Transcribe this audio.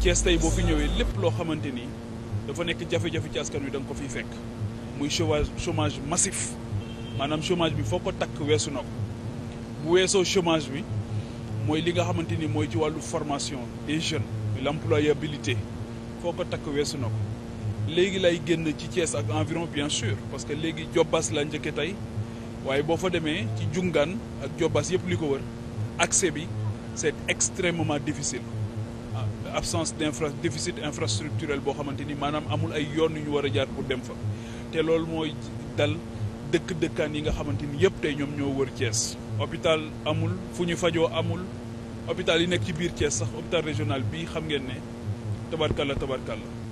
cees tey boo fi ñëwee lépp loo xamante ni dafa nekk jafe-jafe ci askan wi da ko fiy fekk muy chômage chômage massif maanaam chômage bi foo ko takk weesu na ko bu weesoo chômage bi mooy li nga xamante ni mooy ci wàllu formation des jeunes l' employabilité foo ko takk weesu na ko léegi lay génn ci cees ak environ bien sûr parce que léegi Jobaas la njëkke tey waaye boo fa demee ci jungaan ak Jobaas yëpp li ko wër accès bi c' est extrêmement difficile absence d' infra déficit infrastructurel boo xamante ni maanaam amul ay yoon yu ñu war a jaar pour dem fa te loolu mooy dal dëkk-dëkkaan yi nga xamante ni yëpp tey ñoom ñoo wër Thiès. hôpital amul fu ñu fajoo amul hôpital yi nekk ci biir Thiès sax hôpital régional bi xam ngeen ne tabarkalla tabarkalla